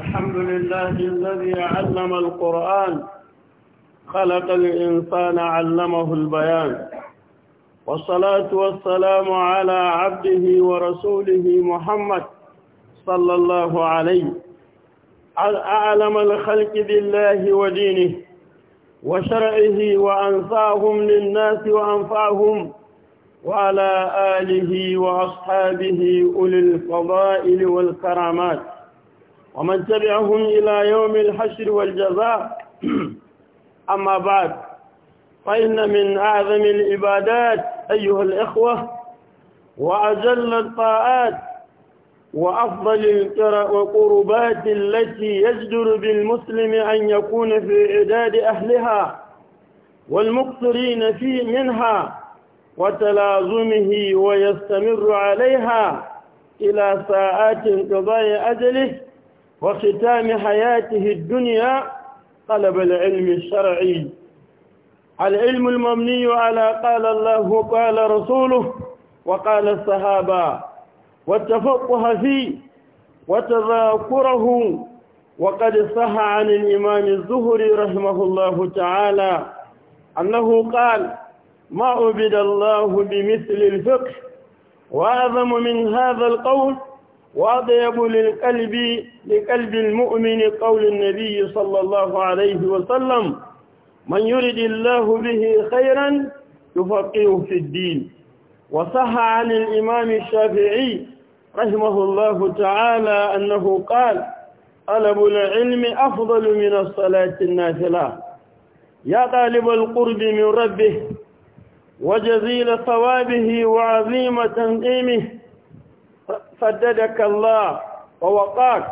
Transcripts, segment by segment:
الحمد لله الذي علم القرآن خلق الإنسان علمه البيان والصلاة والسلام على عبده ورسوله محمد صلى الله عليه أعلم الخلق بالله ودينه وشرعه وأنفاهم للناس وأنفعهم وعلى آله وأصحابه أولي الفضائل والكرامات ومن تبعهم إلى يوم الحشر والجزاء أما بعد فإن من أعظم العبادات أيها الإخوة وأجل الطاعات وأفضل القربات التي يجدر بالمسلم أن يكون في عداد أهلها والمقصرين في منها وتلازمه ويستمر عليها إلى ساعات انقضاء أجله وختام حياته الدنيا طلب العلم الشرعي العلم المبني على قال الله قال رسوله وقال الصحابة والتفقه فيه وتذاكره وقد صح عن الإمام الزهري رحمه الله تعالى أنه قال ما عبد الله بمثل الفقه وأعظم من هذا القول وأطيب للقلب لقلب المؤمن قول النبي صلى الله عليه وسلم من يرد الله به خيرا يفقهه في الدين وصح عن الإمام الشافعي رحمه الله تعالى أنه قال طلب العلم أفضل من الصلاة النافلة يا طالب القرب من ربه وجزيل ثوابه وعظيم تنقيمه فددك الله ووقاك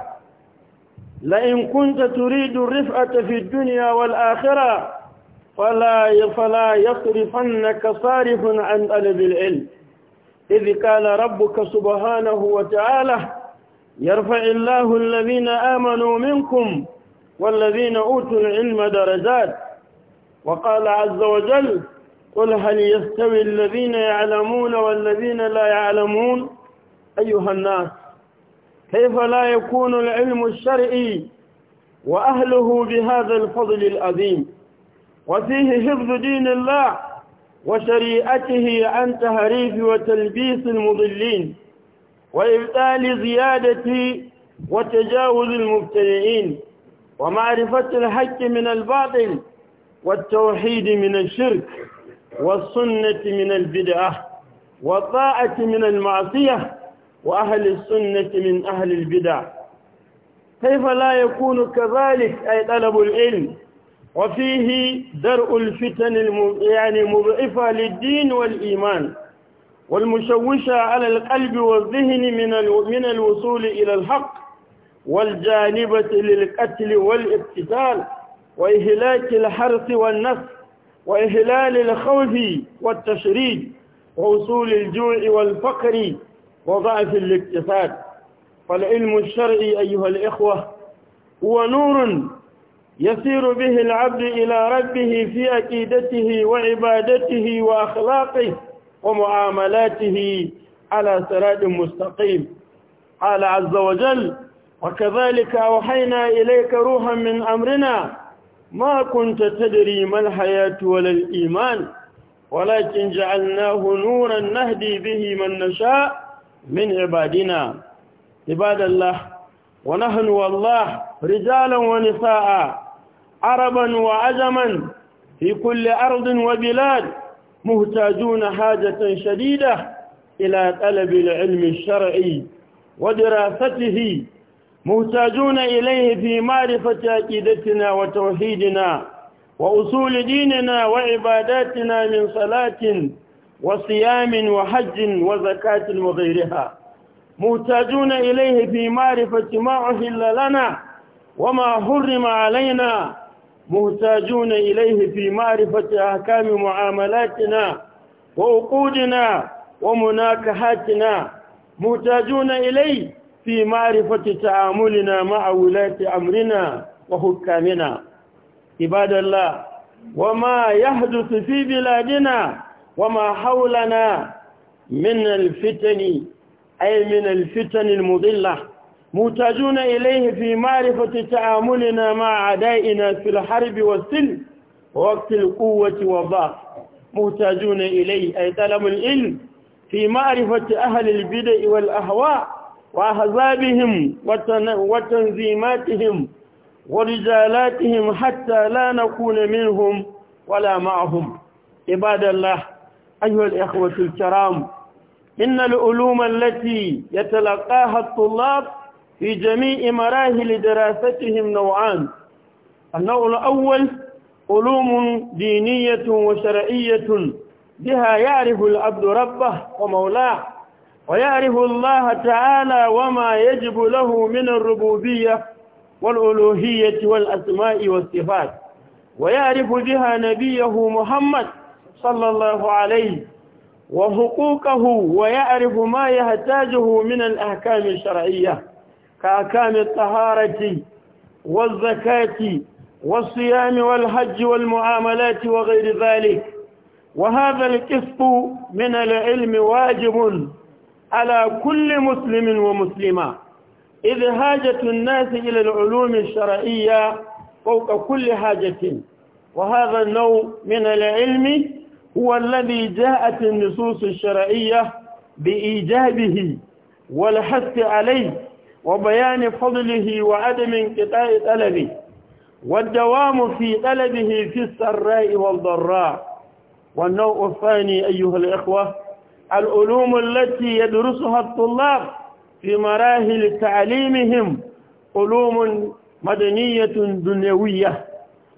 لئن كنت تريد الرفعة في الدنيا والآخرة فلا فلا يصرفنك صارف عن طلب العلم إذ قال ربك سبحانه وتعالى يرفع الله الذين آمنوا منكم والذين أوتوا العلم درجات وقال عز وجل قل هل يستوي الذين يعلمون والذين لا يعلمون أيها الناس كيف لا يكون العلم الشرعي وأهله بهذا الفضل العظيم وفيه حفظ دين الله وشريعته عن تهريف وتلبيس المضلين وإبطال زيادة وتجاوز المبتدئين ومعرفة الحق من الباطل والتوحيد من الشرك والسنة من البدعة والطاعة من المعصية وأهل السنة من أهل البدع كيف لا يكون كذلك أي طلب العلم وفيه درء الفتن يعني مضعفة للدين والإيمان والمشوشة على القلب والذهن من من الوصول إلى الحق والجانبة للقتل والاقتتال وإهلاك الحرث والنفس وإهلال الخوف والتشريد ووصول الجوع والفقر وضعف الاقتصاد فالعلم الشرعي أيها الإخوة هو نور يسير به العبد إلى ربه في أكيدته وعبادته وأخلاقه ومعاملاته على سراد مستقيم قال عز وجل وكذلك أوحينا إليك روحا من أمرنا ما كنت تدري ما الحياة ولا الإيمان ولكن جعلناه نورا نهدي به من نشاء من عبادنا عباد الله ونحن والله رجالا ونساء عربا وعجما في كل أرض وبلاد مهتاجون حاجة شديدة إلى طلب العلم الشرعي ودراسته مهتاجون إليه في معرفة عقيدتنا وتوحيدنا وأصول ديننا وعباداتنا من صلاة وصيام وحج وزكاة وغيرها محتاجون إليه في معرفة ما أهل لنا وما حرم علينا محتاجون إليه في معرفة أحكام معاملاتنا وعقودنا ومناكحاتنا محتاجون إليه في معرفة تعاملنا مع ولاة أمرنا وحكامنا عباد الله وما يحدث في بلادنا وما حولنا من الفتن أي من الفتن المضلة محتاجون إليه في معرفة تعاملنا مع أعدائنا في الحرب والسلم ووقت القوة والضعف محتاجون إليه أي طلب العلم في معرفة أهل البدع والأهواء وأحزابهم وتنظيماتهم ورجالاتهم حتى لا نكون منهم ولا معهم عباد الله أيها الإخوة الكرام إن العلوم التي يتلقاها الطلاب في جميع مراحل دراستهم نوعان النوع الأول علوم دينية وشرعية بها يعرف العبد ربه ومولاه ويعرف الله تعالى وما يجب له من الربوبية والألوهية والأسماء والصفات ويعرف بها نبيه محمد صلى الله عليه وحقوقه ويعرف ما يحتاجه من الأحكام الشرعية كأحكام الطهارة والزكاة والصيام والحج والمعاملات وغير ذلك وهذا القسط من العلم واجب على كل مسلم ومسلمة إذ حاجة الناس إلى العلوم الشرعية فوق كل حاجة وهذا النوع من العلم هو الذي جاءت النصوص الشرعية بإيجابه والحث عليه وبيان فضله وعدم انقطاع طلبه والدوام في طلبه في السراء والضراء والنوع الثاني أيها الإخوة العلوم التي يدرسها الطلاب في مراحل تعليمهم علوم مدنية دنيوية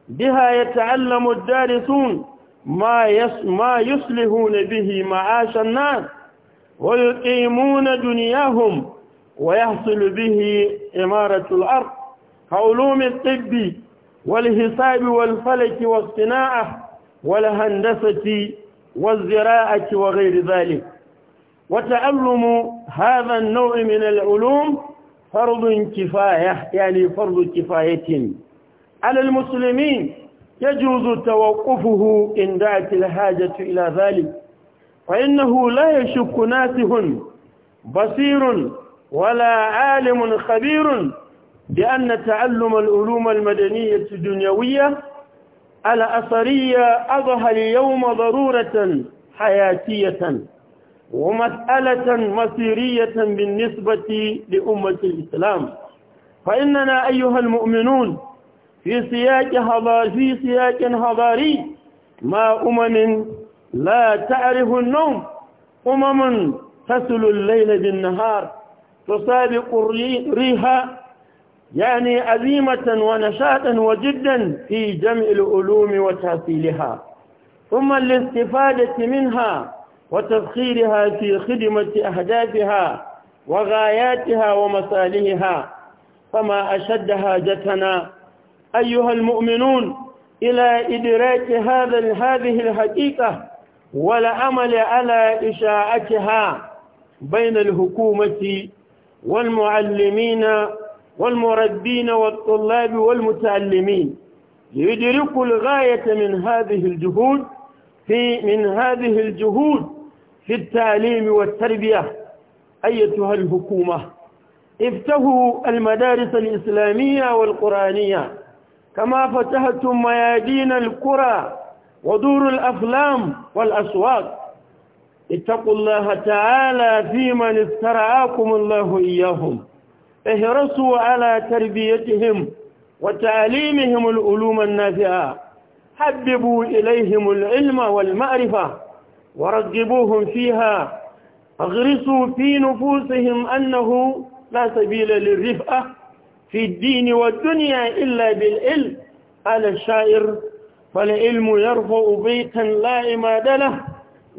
بها يتعلم الدارسون ما ما يصلحون به معاش الناس ويقيمون دنياهم ويحصل به إمارة الأرض علوم الطب والحساب والفلك والصناعة والهندسة والزراعة وغير ذلك وتعلم هذا النوع من العلوم فرض كفاية يعني فرض كفاية على المسلمين يجوز توقفه إن دعت الحاجة إلى ذلك فإنه لا يشك ناسه بصير ولا عالم خبير بأن تعلم العلوم المدنية الدنيوية الأثرية أظهر اليوم ضرورة حياتية ومسألة مصيرية بالنسبة لأمة الإسلام فإننا أيها المؤمنون في سياق حضاري في سياق حضاري ما أمم لا تعرف النوم أمم تسل الليل بالنهار تسابق الريح يعني عظيمة ونشاطا وجدا في جمع العلوم وتحصيلها ثم الاستفادة منها وتفخيرها في خدمة أهدافها وغاياتها ومصالحها فما أشد حاجتنا أيها المؤمنون إلى إدراك هذا هذه الحقيقة والعمل على إشاعتها بين الحكومة والمعلمين والمردين والطلاب والمتعلمين يدرك الغاية من هذه الجهود في من هذه الجهود في التعليم والتربية أيتها الحكومة افتهوا المدارس الإسلامية والقرآنية كما فتحتم ميادين القرى ودور الأفلام والأسواق اتقوا الله تعالى في من استرعاكم الله إياهم اهرسوا على تربيتهم وتعليمهم الألوم النافعة حببوا إليهم العلم والمعرفة ورقبوهم فيها اغرسوا في نفوسهم أنه لا سبيل للرفقة في الدين والدنيا إلا بالعلم قال الشاعر فالعلم يرفع بيتا لا إماد له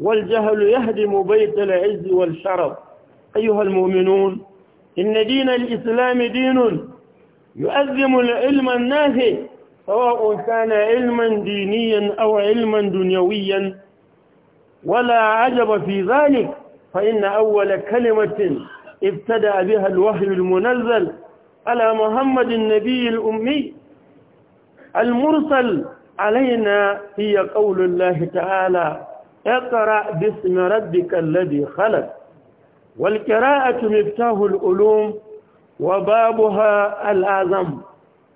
والجهل يهدم بيت العز والشرف أيها المؤمنون إن دين الإسلام دين يؤذم العلم النافع سواء كان علما دينيا أو علما دنيويا ولا عجب في ذلك فإن أول كلمة ابتدأ بها الوحي المنزل على محمد النبي الأمي المرسل علينا هي قول الله تعالى اقرأ باسم ربك الذي خلق والقراءة مفتاح العلوم وبابها الأعظم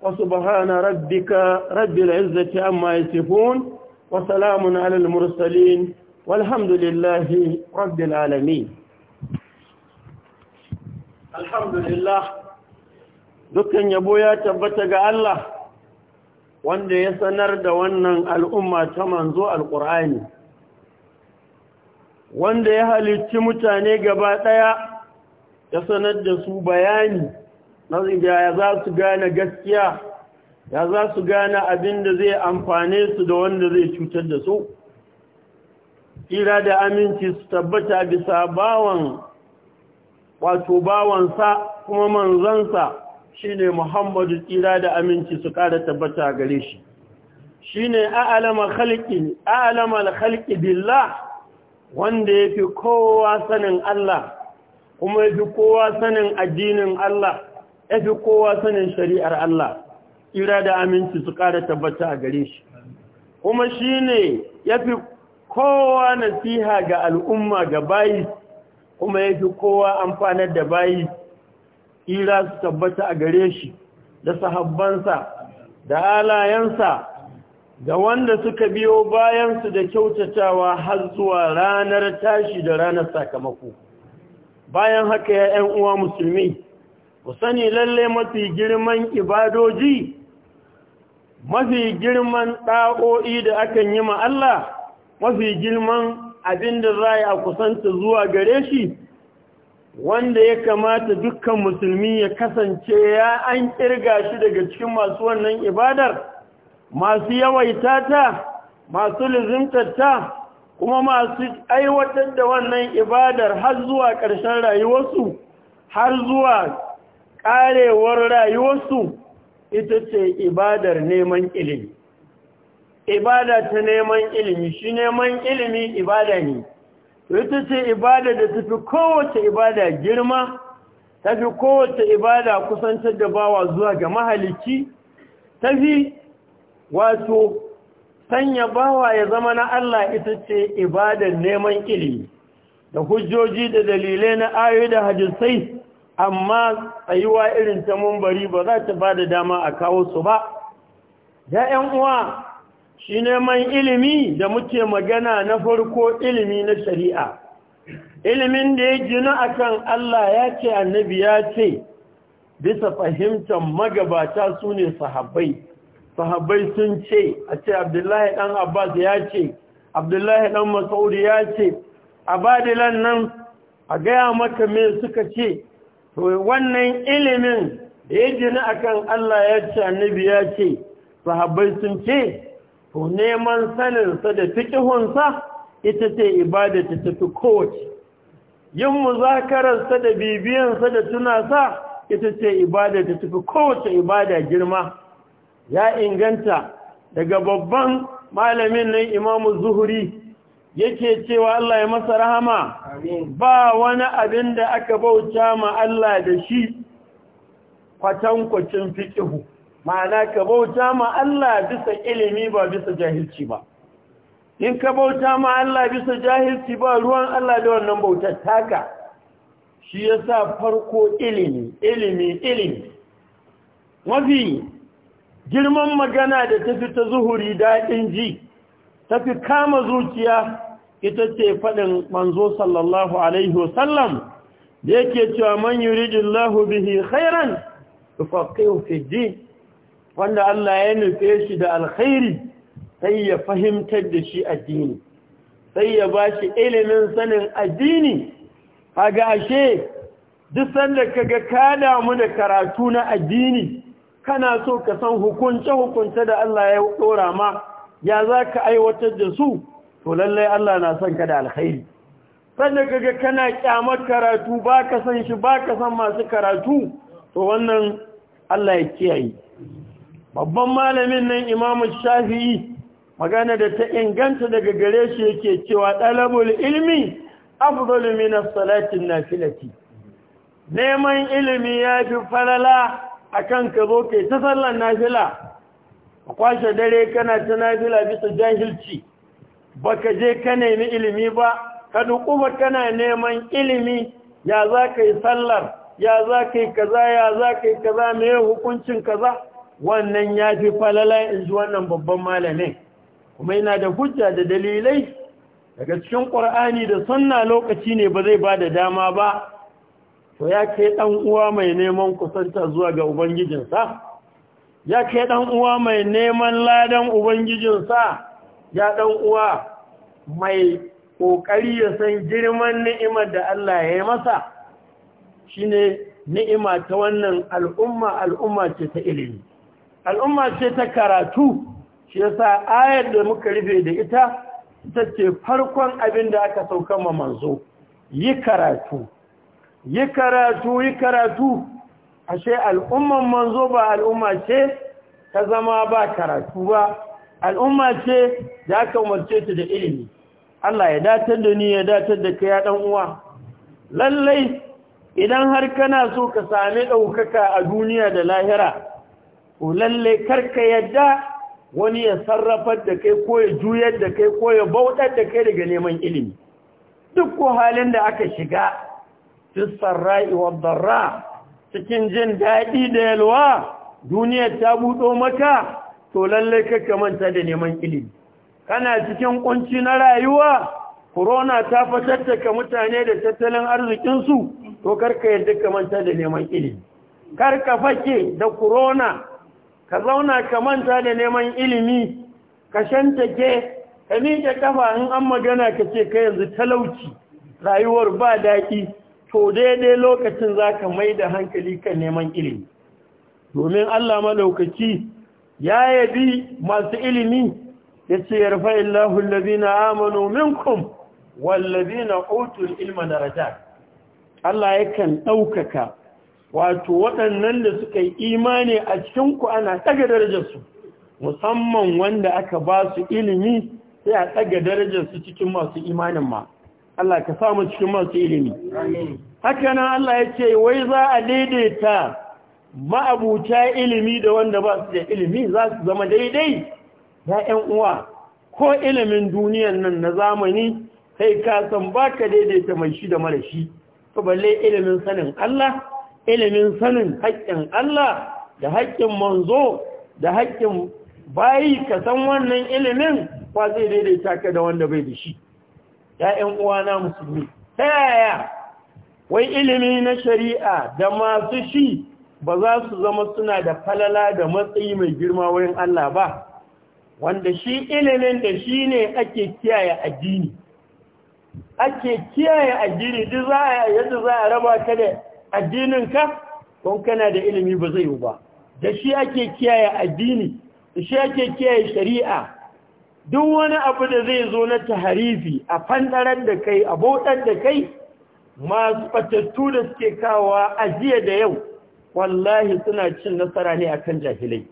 وسبحان ربك رب العزة عما يصفون وسلام على المرسلين والحمد لله رب العالمين الحمد لله dukkan yabo ya tabbata ga Allah wanda ya sanar da wannan al'umma ta manzo alƙur'ani wanda ya halicci mutane gaba ɗaya ya sanar da su bayani na ya za su gane gaskiya ya za su gane abin da zai amfane su da wanda zai cutar da su Kira da aminci su tabbata bisa bawan wato bawansa kuma manzansa shine Muhammadu tsira da aminci su ƙara tabbata gare shi shine a'lama khalqi a'lama billah wanda yafi kowa sanin Allah kuma ya fi kowa sanin addinin Allah ya fi kowa sanin shari'ar Allah tsira da aminci su ƙara tabbata gare shi kuma shi ne ya fi kowa nasiha ga al'umma ga bayi kuma ya fi kowa amfanar da bayi tsira su tabbata a gare shi da sahabbansa da alayensa da wanda suka biyo bayansu da kyautatawa har zuwa ranar tashi da ranar sakamako bayan haka ya 'yan uwa musulmi ku sani lalle mafi girman ibadoji mafi girman ɗa'o'i da akan yi ma Allah mafi girman abin da za a kusanta zuwa gare shi wanda ya kamata dukkan musulmi ya kasance ya an kirga shi daga cikin masu wannan ibadar masu yawaita ta masu lizimtata kuma masu aiwatar da wannan ibadar har zuwa ƙarshen rayuwarsu har zuwa ƙarewar rayuwarsu ita ce ibadar neman ilimi ibada ta neman ilimi shi neman ilimi ibada ne ita ce ibada da tafi kowace ibada girma tafi kowace ibada kusantar da bawa zuwa ga mahalicci tafi wato sanya bawa ya zama na Allah ita ce ibadar neman ilimi da hujjoji da dalilai na ayoyi da hadisai amma tsayuwa irin ta mumbari ba za ta ba da dama a kawo su ba ya ‘yan uwa shi neman ilimi da muke magana na farko ilimi na shari'a ilimin da ya gina akan Allah ya ce annabi ya ce bisa fahimtar magabata su ne sahabbai sahabbai sun ce a ce abdullahi ɗan abbas ya ce abdullahi ɗan masaudi ya ce a badilan nan a gaya maka me suka ce wannan ilimin da ya gina akan Allah ya ce annabi ya ce sahabbai sun ce to neman saninsa da fikihunsa ita ce ibada ta tafi kowace yin muzakararsa da bibiyansa da tunasa ita ce ibada ta tafi kowace ibada girma ya inganta daga babban malamin nan imamu zuhuri yake cewa Allah ya masa rahama ba wani abin da aka bauta ma Allah da shi kwatankwacin fikihu ma'ana ka bauta ma Allah bisa ilimi ba bisa jahilci ba in ka bauta ma Allah bisa jahilci ba ruwan Allah da wannan bautar taka shi yasa farko ilimi ilimi ilimi mafi girman magana da tafi ta zuhuri daɗin ji tafi kama zuciya ita ce faɗin manzo sallallahu alaihi wasallam da yake cewa man yuridillahu bihi khairan yufaqihu fi din wanda Allah ya nufe shi da alkhairi sai ya fahimtar da shi addini sai ya ba shi ilimin sanin addini a ashe duk sanda kaga ka mu da karatu na addini kana so ka san hukunce-hukunce da Allah ya dora ma ya za ka aiwatar da su to lallai Allah na son ka da alkhairi sanda kaga kana kyamar karatu ba ka san shi ba ka san masu karatu to wannan Allah ya kiyaye babban malamin nan imamu shafi'i magana da ta inganta daga gare shi yake cewa ɗalabul ilmi afdalu min as-salatin nafilati neman ilimi ya fi farala akan ka zo kai ta sallar nafila a kwashe dare kana ta nafila bisa jahilci baka je ka nemi ilimi ba ka dukuba kana neman ilimi ya za ka yi sallar ya za ka yi kaza ya za ka yi kaza mai hukuncin kaza wannan ya fi falala in ji wannan babban malamin kuma yana da hujja da dalilai daga cikin ƙwar'ani da sunna lokaci ne ba zai ba da dama ba to ya ke ɗan uwa mai neman kusanta zuwa ga ubangijinsa ya ke ɗan uwa mai neman ladan ubangijinsa ya ɗan uwa mai ƙoƙari ya san girman ni'imar da Allah ya yi masa Shi ne ni'ima ta wannan al'umma al'umma ce ta ilimi al'umma ce ta karatu shi yasa ayar da muka rufe da ita ita ce farkon abin da aka sauka ma manzo yi karatu yi karatu yi karatu ashe al'umman manzo ba al'umma ce ta zama ba karatu ba al'umma ce da aka umarce ta da ilimi Allah ya datar da ni ya datar da kai ɗan uwa lallai idan har kana so ka sami ɗaukaka a duniya da lahira lalle karka yadda wani ya sarrafar da kai ko ya juyar da kai ko ya bautar da kai daga neman ilimi duk ko halin da aka shiga cikin wa darra cikin jin daɗi da yalwa duniya ta buɗo maka to lalle ka manta da neman ilimi kana cikin kunci na rayuwa corona ta fatattaka mutane da tattalin arzikinsu to karka yadda ka manta da neman ilimi karka fake da corona ka zauna ka manta da neman ilimi ka shantake ka miƙe kafa in an magana ka ce ka yanzu talauci rayuwar ba daɗi to daidai lokacin za ka mai da hankali kan neman ilimi domin Allah malaukaci ya yabi masu ilimi ya ce ya rufa illahu labina amanu minkum wallabina otul ilma raja. Allah ya kan ɗaukaka wato waɗannan da suka yi imani a cikinku ana ɗaga darajarsu musamman wanda aka ba su ilimi sai a ɗaga darajarsu cikin masu imanin ma Allah ka samu cikin masu ilimi haka nan Allah ya ce wai za a daidaita ma'abuta ilimi da wanda ba su da ilimi za su zama daidai ya ‘yan uwa ko ilimin duniyan nan na zamani sai ka san ba ka daidaita mai shi da mara shi to balle ilimin sanin Allah ilimin sanin haƙƙin Allah da haƙƙin manzo da haƙƙin bayi ka san wannan ilimin ba zai daidaita ka da wanda bai da shi ‘ya'yan uwana musulmi ta yaya wai ilimi na shari'a da masu shi ba za su zama suna da falala da matsayi mai girma wurin Allah ba wanda shi ilimin da shi ne ake kiyaye addini ake kiyaye addini duk za a yadda za a raba ta da addininka don kana da ilimi ba zai yi ba da shi ake kiyaye addini da shi ake kiyaye shari'a duk wani abu da zai zo na taharifi a fandarar da kai a bautar da kai masu fatattu da suke kawa a jiya da yau wallahi suna cin nasara ne akan jahilai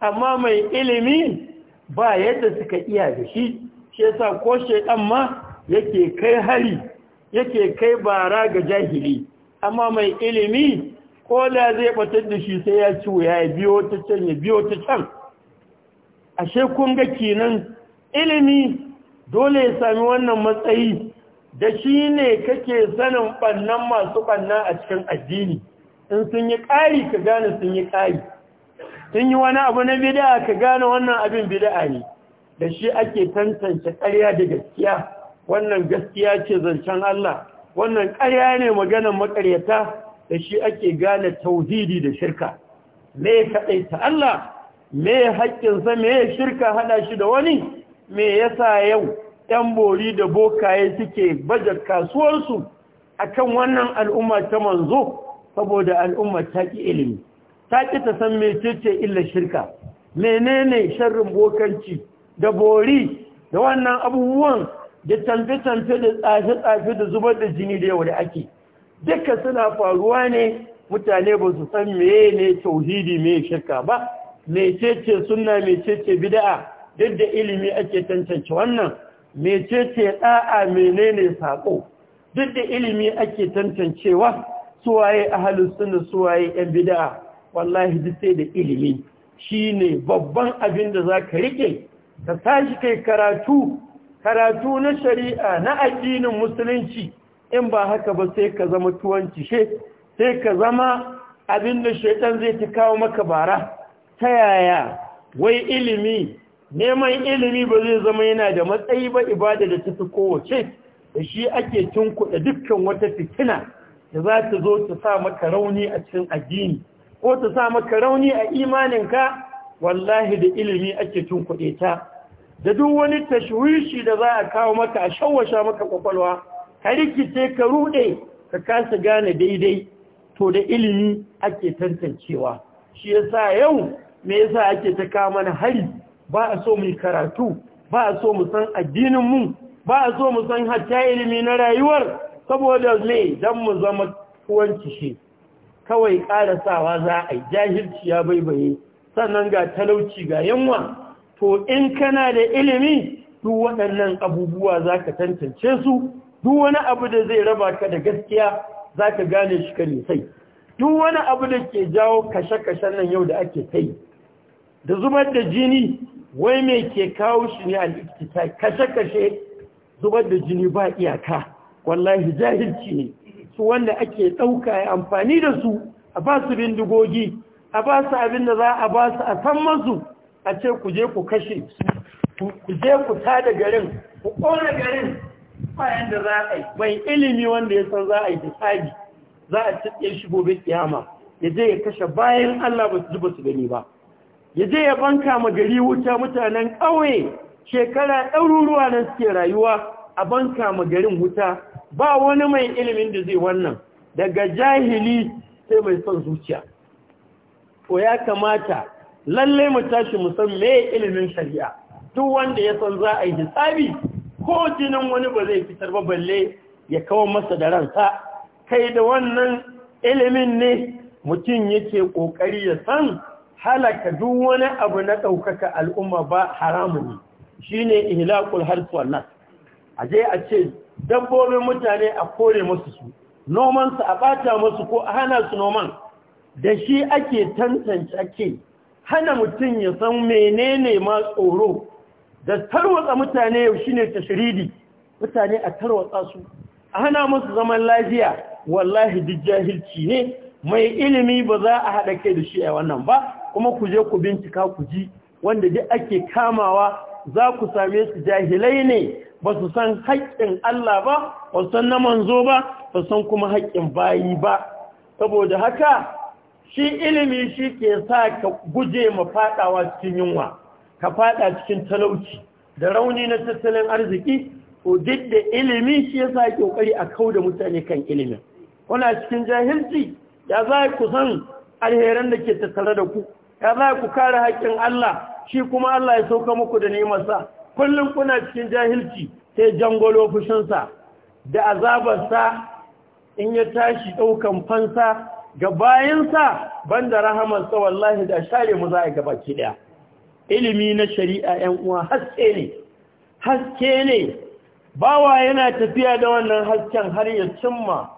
amma mai ilimi ba yadda suka iya da shi shi yasa ko shedan ma yake kai hari yake kai bara ga jahili amma mai ilimi ko da zai batar da shi sai ya ci wuya ya biyo ta can ya biyo ta can ashe kun ga kinan ilimi dole ya sami wannan matsayi da shi ne kake sanin ɓannan masu ɓanna a cikin addini in sun yi ƙari ka gane sun yi ƙari sun yi wani abu na bida'a ka gane wannan abin bida'a ne da shi ake tantance ƙarya da gaskiya wannan gaskiya ce zancen Allah wannan ƙarya ne maganan makaryata da shi ake gane tauhidi da shirka me kaɗai ta Allah me ya haƙƙinsa me ya shirka haɗa shi da wani me yasa yau ‘yan bori da bokaye suke baje kasuwarsu a kan wannan al'umma ta manzo saboda al'umma ta ƙi ilimi ta ƙi ta san mecece illa shirka menene sharrin bokanci da bori da wannan abubuwan da canfe-canfe da tsafe-tsafe da zubar da jini da yau da ake duka suna faruwa ne mutane ba su san meye ne tauhidi mai shirka ba mecece sunna mecece bida'a. duk da ilimi ake tantance wannan mecece da'a menene saƙo? duk da ilimi ake tantancewa suwaye halin suna suwaye yan bida'a. wallahi duk sai da ilimi shi ne. babban abin da za ka rike ka tashi kai karatu karatu na shari'a na addinin musulunci in ba haka ba sai ka zama tuwanci she sai ka zama abin da shaitan zai ta kawo maka bara ta yaya wai ilimi neman ilimi ba zai zama yana da matsayi ba ibada da ta fi kowace da shi ake tunkuɗa dukkan wata fitina da za ta zo ta sa maka rauni a cikin addini ko ta sa maka rauni a imaninka wallahi da ilimi ake tunkuɗe ta da duk wani tashwishi da za a kawo maka a shawasha maka kwakwalwa ka rikice ka rude ka kasa gane daidai to da ilimi ake tantancewa shi yasa yau me yasa ake ta kawo mana hari ba a so mu karatu ba a so mu san addinin mu ba a so mu san hatta ilimi na rayuwar saboda me dan mu zama kuwanci shi kawai ƙarasawa za a yi jahilci ya baibaye sannan ga talauci ga yanwa to in kana da ilimi duk waɗannan abubuwa za ka tantance su duk wani abu da zai raba ka da gaskiya za ka gane shi ka nisai duk wani abu da ke jawo kashe-kashen nan yau da ake kai da zubar da jini wai mai ke kawo shi ne al'ikita kashe-kashe zubar da jini ba iyaka wallahi jahilci ne su wanda ake ɗauka ya amfani da su a ba su bindigogi a ba su abin da za a ba su a san masu a ce ku je ku kashe ku je ku tada garin ku ƙona garin bayan da za a yi bai ilimi wanda ya san za a yi hisabi za a cike shi gobe kiyama ya je ya kashe bayan Allah ba su ji ba su gani ba ya je ya banka ma gari wuta mutanen ƙauye shekara ɗaruruwa nan suke rayuwa a banka ma garin wuta ba wani mai ilimin da zai wannan daga jahili sai mai son zuciya Ko ya kamata lalle mu tashi mu san me ilimin shari'a duk wanda ya san za a yi hisabi ko jinin wani ba zai fitar ba balle ya kawo masa da ransa kai da wannan ilimin ne mutum yake kokari ya san halaka duk wani abu na ɗaukaka al'umma ba haramun ne shine ihlaqul harfi wannan a je a ce dabbobin mutane a kore musu su nomansu a ɓata musu ko a hana su noman da shi ake tantance ake hana mutum ya san menene ma tsoro da tarwatsa mutane yau shine tashridi mutane a tarwatsa su a hana musu zaman lafiya wallahi duk jahilci ne mai ilimi ba za a haɗa kai da shi a wannan ba kuma ku je ku bincika ku ji wanda duk ake kamawa za ku same su jahilai ne ba su san haƙƙin Allah ba ba su san na manzo ba ba su san kuma haƙƙin bayi ba saboda haka shi ilimi shi ke sa ka guje ma fadawa cikin yunwa ka fada cikin talauci da rauni na tattalin arziki ko duk da ilimi shi ya sa kokari a kau da mutane kan ilimi. kuna cikin jahilci ya za ku san alheran da ke tattare da ku ya za ku kare haƙƙin Allah shi kuma Allah ya sauka muku da sa kullum kuna cikin jahilci sai jangolo fushinsa da azabarsa in ya tashi ɗaukan fansa ga bayan bayansa banda rahamarsa wallahi da share mu za a gaba ki daya ilimi na shari'a yan uwa haske ne haske ne bawa yana tafiya da wannan hasken har ya cimma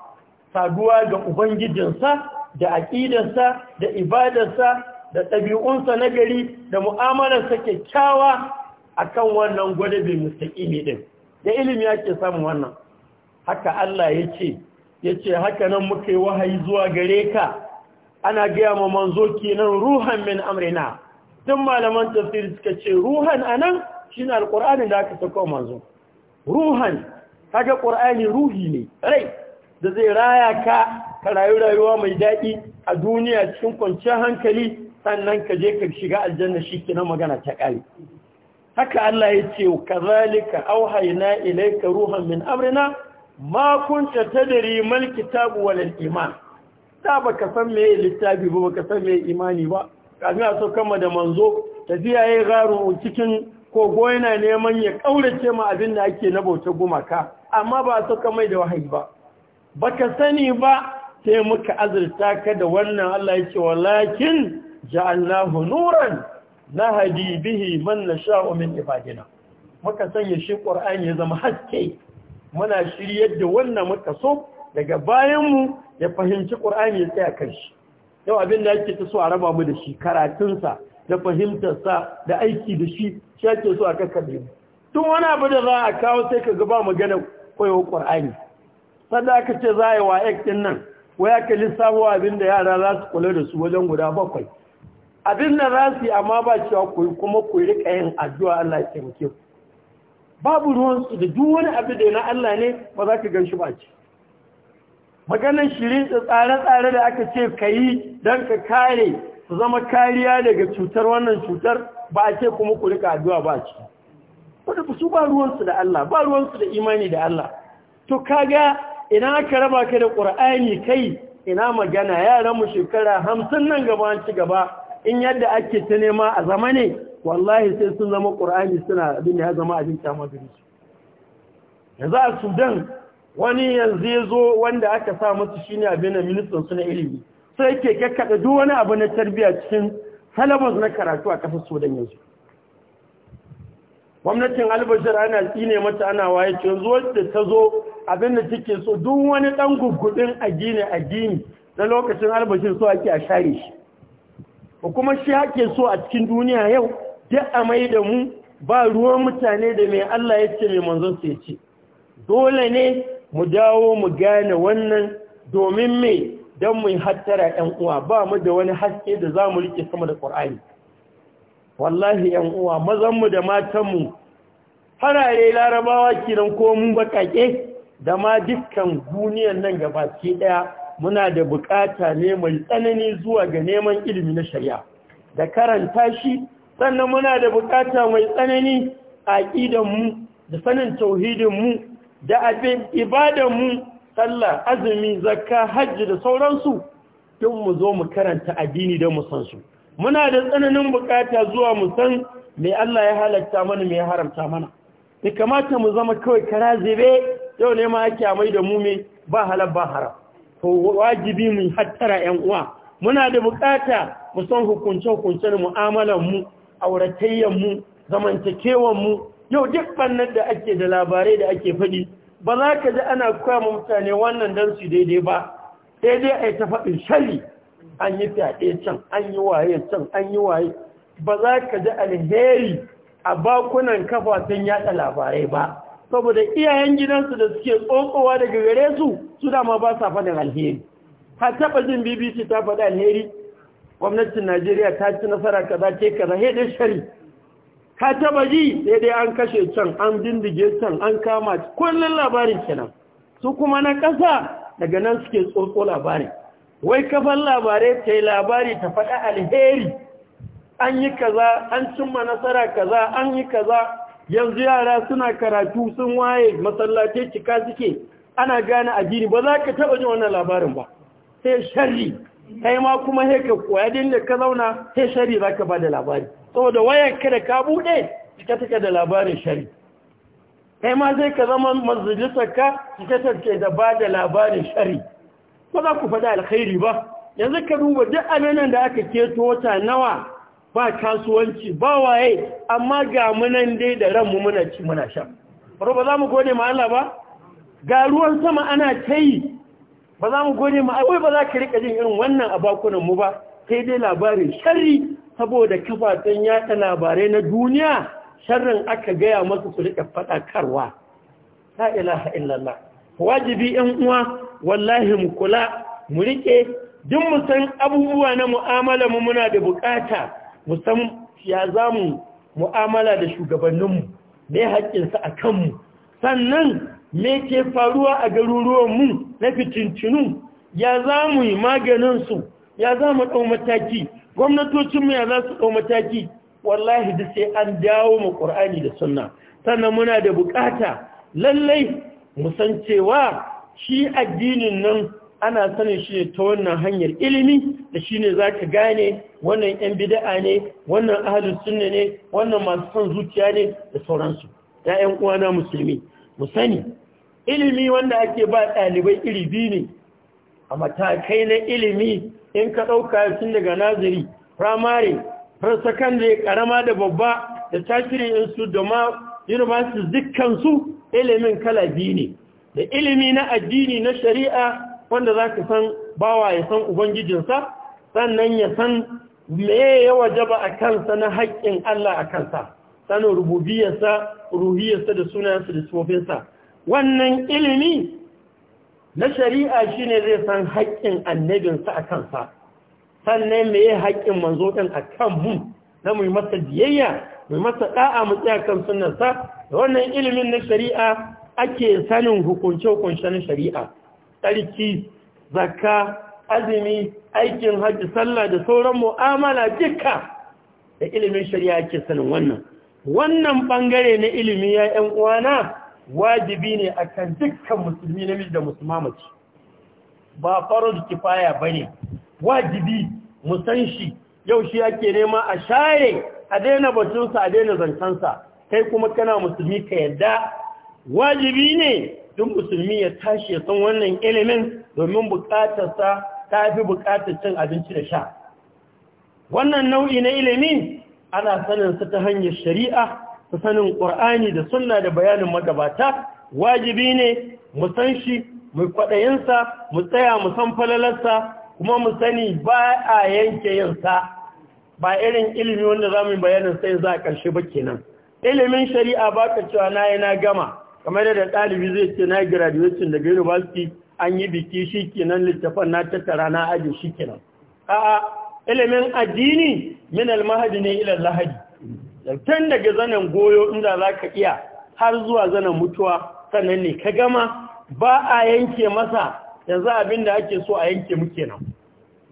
saduwa ga ubangijinsa da aƙidarsa da ibadarsa da ɗabi'unsa na gari da mu'amalarsa kyakkyawa akan wannan bi mustaƙimi din da ilimi yake samu wannan haka Allah ya ce ya ce haka nan muka yi wahayi zuwa gare ka ana gaya ma manzo kenan ruhan min amrina tun malaman tafsir suka ce ruhan a nan shi ne alƙur'anin da aka sauka manzo ruhan kaga ƙur'ani ruhi ne rai da zai raya ka ka rayu rayuwa mai daɗi a duniya cikin kwanciyar hankali sannan ka je ka shiga aljanna shi kenan magana ta ƙari haka Allah ya ce kazalika auhayna ilayka ruhan min amrina Makon ta tadari mal kitabu wal iman ta baka san me littafi ba baka san me imani ba kafin a so kama da manzo tafiya yayi garu cikin kogo yana neman ya kaurace ma abin da ake na bauta gumaka amma ba so mai da wahayi ba baka sani ba sai muka azurta ka da wannan Allah ya ce walakin ja'alnahu nuran nahdi bihi man nasha'u min ibadina muka sanya shi qur'ani ya zama haske muna shiryar da wannan muka so daga bayanmu ya fahimci ƙur'ani ya tsaya kan shi yau abin da ake ta so a raba mu da shi karatunsa da fahimtarsa da aiki da shi shi ake so a kakkaɓe mu tun wani abu da za a kawo sai ka gaba magana koyo ƙur'ani sannan aka ce za a yi wa ɗin nan waya ka lissafo abin da yara za su kula da su wajen guda bakwai abin da za su yi amma ba cewa koyi kuma koyi riƙa yin addu'a Allah ya taimake ku babu ruwansu da duk wani abu da yana Allah ne ba za ka gan shi ba ce Maganan shirin tsare-tsare da aka ce ka yi don ka kare su zama kariya daga cutar wannan cutar ba a ce kuma ku rika addu'a ba ce wadda su ba ruwansu da Allah ba ruwansu da imani da Allah to ka ga ina aka raba ka da ƙur'ani kai ina magana yaran mu shekara hamsin nan gaba ci gaba in yadda ake ta nema a zama ne wallahi sai sun zama ƙur'ani suna abin da ya zama abin kyamar gari yanzu a sudan wani yanzu ya zo wanda aka sa masu shi ne abin da ministan su ilimi sai yake kakkaɗa duk wani abu na tarbiyya cikin salabas na karatu a ƙasar sudan yanzu gwamnatin albashir ana tsine mata ana waye ce yanzu wanda ta zo abin da take so duk wani ɗan gugudin addini addini na lokacin albashir so ake a share shi kuma shi ake so a cikin duniya yau duk amai da mu ba ruwan mutane da mai Allah ya ce mai manzon sai ce dole ne mu dawo mu gane wannan domin mai don mu hattara ‘yan uwa ba mu da wani haske da za mu rike sama da ƙwar'ani wallahi ‘yan uwa mazanmu da matanmu harare larabawa kiran ko mun baƙaƙe da ma dukkan duniyan nan gabaki ɗaya muna da bukata ne mai tsanani zuwa ga neman ilimi na shari'a da karanta shi sannan muna da bukata mai tsanani a mu da sanin tauhidinmu da abin ibadanmu sallah azumi zakka hajji da sauransu don mu zo mu karanta addini don mu san su muna da tsananin bukata zuwa mu san me Allah ya halatta mana me ya haramta mana da kamata mu zama kawai kara zibe yau ne ma ake amai da mu mai ba halal ba haram to wajibi mu hattara ƴan uwa muna da bukata mu san hukunce-hukuncen mu'amalar mu auratayyanmu zamantakewanmu yau duk bannan da ake da labarai da ake faɗi ba za ka ji ana koya wa mutane wannan don su daidai ba daidai a yi ta faɗin shari an yi fyaɗe can an yi waye can an yi waye ba za ka ji alheri a bakunan kafafen yaɗa labarai ba saboda iyayen gidansu da suke tsotsowa daga gare su su dama ba sa faɗin alheri ha taɓa jin bbc ta faɗi alheri gwamnatin najeriya ta ci nasara kaza ce kaza he da shari ka taba ji daidai an kashe can an bindige can an kama kullum labarin kenan su kuma na ƙasa daga nan suke tsotso labarin. wai kafan labarai ta yi labari ta faɗa alheri an yi kaza an cimma nasara kaza an yi kaza yanzu yara suna karatu sun waye masallatai cika suke ana gane addini ba za ka taɓa ji wannan labarin ba sai sharri kai ma kuma sai ka koya dinda ka zauna sai shari za ka ba da labari saboda wayar ka da ka buɗe ka take da labarin shari kai ma zai ka zama majalisar ka ka take da ba da labarin shari ba za ku faɗa alkhairi ba yanzu ka duba duk aminan da aka keto wata nawa ba kasuwanci ba waye amma ga munan dai da ranmu muna ci muna sha ba za mu gode ma Allah ba ga ruwan sama ana ta yi ba za mu gode ma wai ba za ka rika jin irin wannan abakunan mu ba sai dai labarin sharri saboda kafafen yaɗa labarai na duniya sharrin aka gaya masu su rika faɗakarwa la ilaha illallah wajibi yan uwa wallahi mu kula mu rike duk mu san abubuwa na mu'amala mu muna da bukata mu san ya za mu mu'amala da shugabanninmu mai haƙƙinsa a kanmu sannan me ke faruwa a garuruwanmu na fitintinu ya za mu yi maganinsu ya za mu ɗau mataki gwamnatocinmu ya za su ɗau mataki wallahi da sai an dawo mu ƙur'ani da sunna sannan muna da bukata lallai san cewa shi addinin nan ana sanin shi ne ta wannan hanyar ilimi da shi ne za ka gane wannan 'yan bida'a ne wannan ahalin sunna ne wannan masu son zuciya ne da sauransu ‘ya'yan uwana musulmi mu sani ilimi wanda ake ba ɗalibai iri biyu ne a matakai na ilimi in ka ɗauka sun daga naziri firamare ya ƙarama da babba da tashirin insu da ma university dukkansu ilimin kala biyu ne da ilimi na addini na shari'a wanda za ka san bawa ya san ubangijinsa sannan ya san me ya wajaba a kansa na haƙƙin Allah a kansa sanin rububiyarsa ruhiyarsa da sunayensa da sufofinsa wannan ilimi na shari'a shi ne zai san haƙƙin annabinsa a kansa sannan me yi haƙƙin manzo ɗin a kan mu na mu masa biyayya mu masa ɗa'a mu a kan sunansa da wannan ilimin na shari'a ake sanin hukunce-hukunce na shari'a tsarki zakka azumi aikin hajji sallah da sauran mu'amala duka da ilimin shari'a ake sanin wannan wannan ɓangare na ilimi ya ‘yan uwana wajibi ne a kan dukkan musulmi namiji da musulma mace ba farar kifaya bane wajibi musanshi shi yau shi ake nema a share a daina batunsa a daina zancensa kai kuma kana musulmi ka yadda wajibi ne duk musulmi ya tashi ya san wannan ilimin domin bukatarsa ta fi bukatar cin abinci da sha wannan nau'i na ilimin ana saninsa ta hanyar shari'a su sanin ƙur'ani da sunna da bayanin magabata wajibi ne mu san shi mu kwaɗayinsa mu tsaya mu san falalarsa kuma mu sani ba a yanke yinsa ba irin ilimi wanda za mu bayanin sai za a ƙarshe ba kenan ilimin shari'a ba ka cewa na yi na gama kamar da ɗalibi zai ce na graduation daga university an yi biki shi kenan littafan na tattara na aji shi kenan a'a ilimin addini min almahadi ne ilal lahadi tun daga zanen goyo inda za ka iya har zuwa zanen mutuwa sannan ne ka gama ba a yanke masa yanzu abin da ake so a yanke muke nan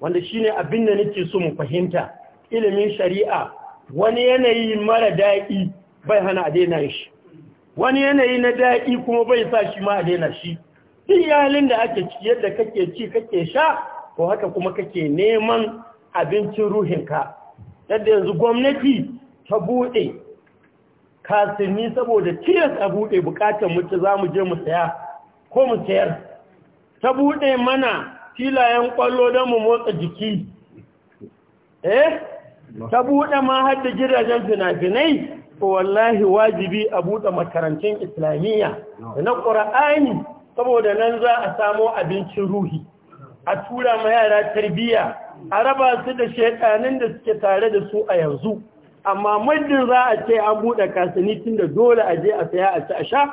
wanda shi ne abin da nake so mu fahimta ilimin shari'a wani yanayi mara daɗi bai hana a daina shi wani yanayi na daɗi kuma bai sa shi ma a daina shi duk yalin da ake ci yadda kake ci kake sha ko haka kuma kake neman abincin ruhinka yadda yanzu gwamnati ta buɗe kasinni saboda tilas a buɗe bukatar mutu za mu je mu saya ko mu sayar ta buɗe mana filayen ƙwallo don mu motsa jiki eh ta buɗe ma har gidajen fina-finai wallahi wajibi a buɗe makarantun islamiyya na ƙura'ani saboda nan za a samo abincin ruhi a tura ma yara tarbiyya a raba su da shekanin da suke tare da su a yanzu amma muddin za a ce an buɗe kasani tun da dole a je a saya a ci a sha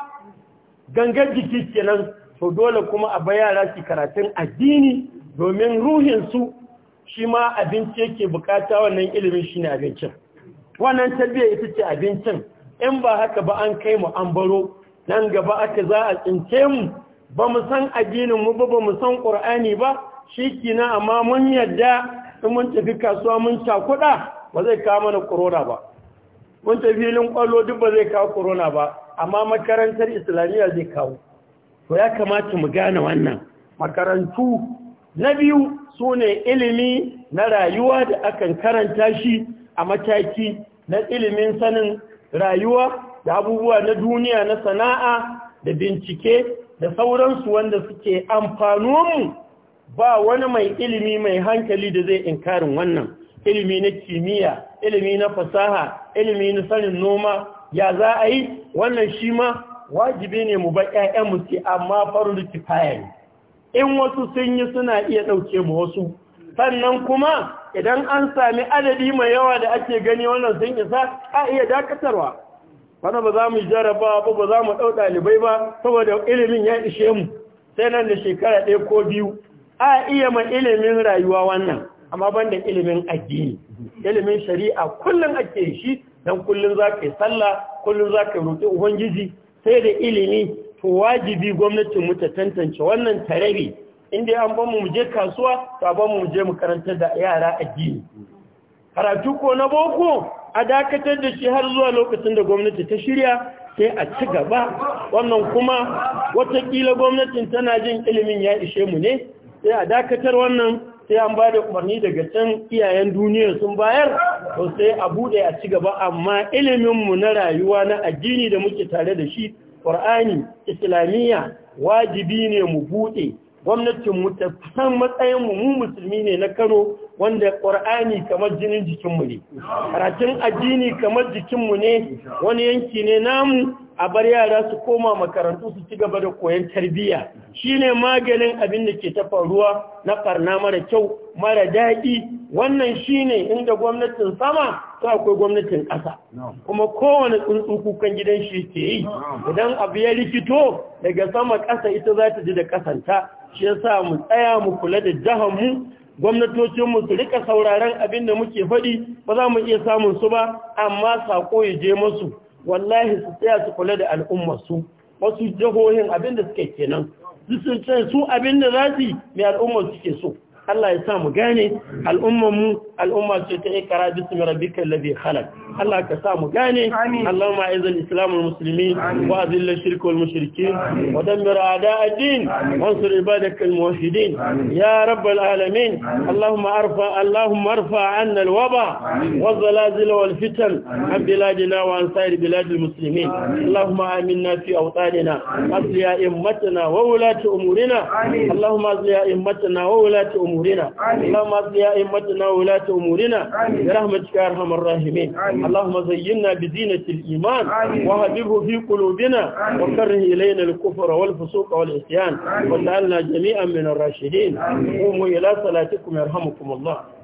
gangar jiki kenan to dole kuma a bayara su karatun addini domin ruhinsu shi ma abinci yake bukata wannan ilimin shi ne abincin wannan tarbiyya ita ce abincin in ba haka ba an kai mu an baro nan gaba aka za a tsince mu ba mu san addinin mu ba ba mu san ƙur'ani ba shi kina amma mun yadda in mun tafi kasuwa mun cakuɗa ba zai kawo mana korona ba mun ta filin kwallo duk ba zai kawo korona ba amma makarantar islamiyya zai kawo to ya kamata mu gane wannan makarantu na biyu su ne ilimi na rayuwa da akan karanta shi a mataki na ilimin sanin rayuwa da abubuwa na duniya na sana'a da bincike da sauransu wanda suke amfanuwanmu ba wani mai ilimi mai hankali da zai inkarin wannan ilimi na kimiyya ilimi na fasaha ilimi na sanin noma ya za a yi wannan shi ma wajibi ne mu ba 'ya'yanmu ce amma farin kifaya ne in wasu sun yi suna iya ɗauke mu wasu sannan kuma idan an sami adadi mai yawa da ake gani wannan sun isa a iya dakatarwa wani ba za mu jaraba ba ba za mu ɗau ɗalibai ba saboda ilimin ya ishe mu sai nan da shekara ɗaya ko biyu a iya ma ilimin rayuwa wannan amma banda ilimin addini ilimin shari'a kullum ake shi dan kullum za yi sallah kullum zaka ka roƙi ubangiji sai da ilimi to wajibi gwamnatin mu ta tantance wannan tarabi inda an ban mu je kasuwa ta ban mu je mu karanta da yara addini karatu ko na boko a dakatar da shi har zuwa lokacin da gwamnati ta shirya sai a ci gaba wannan kuma watakila gwamnatin tana jin ilimin ya ishe mu ne sai a dakatar wannan sai an ba da umarni daga can iyayen duniya sun bayar to sai a bude a ci gaba amma iliminmu na rayuwa na addini da muke tare da shi Ƙur'ani islamiyya wajibi ne mu buɗe gwamnatinmu ta san matsayinmu mu musulmi ne na kano wanda ƙur'ani kamar jinin jikinmu ne karatun addini kamar jikinmu ne wani yanki ne namu a bar yara su koma makarantu su ci gaba da koyon tarbiyya shine maganin abin da ke tafa ruwa na ɓarna mara kyau mara daɗi wannan shine inda gwamnatin sama ta akwai gwamnatin ƙasa kuma kowane tsuntsu kukan gidan shi ke yi idan abu ya rikito daga sama ƙasa ita za ta ji da ƙasanta shi ya sa mu tsaya mu kula da mu gwamnatocinmu su rika sauraren abin da muke faɗi ba za mu iya samun su ba amma saƙo ya je masu wallahi su tsaya su kula da al'ummarsu wasu jihohin abin da suke kenan su sun ce su abin da za su yi mai al'ummar suke so Allah ya sa mu gane al'ummanmu al'umma ce ta ikara bismi rabbika alladhi khalaq Allah ka sa mu gane Allahumma aizil islam wal muslimin wa azil shirk wal mushrikin wa dammir a'da ad-din wansur ibadaka al muwahhidin ya rabbal alamin Allahumma arfa Allahumma arfa 'anna al waba wal zalazil wal fitan an biladina wa an sa'ir bilad al muslimin Allahumma aminna fi awtanina asliya immatana wa ulati umurina Allahumma asliya immatana wa ulati umurina أمورنا اللهم أصلي أئمتنا ولاة أمورنا برحمتك يا أرحم الراحمين اللهم زينا بزينة الإيمان وهبه في قلوبنا وكره إلينا الكفر والفسوق والعصيان واجعلنا جميعا من الراشدين قوموا إلى صلاتكم يرحمكم الله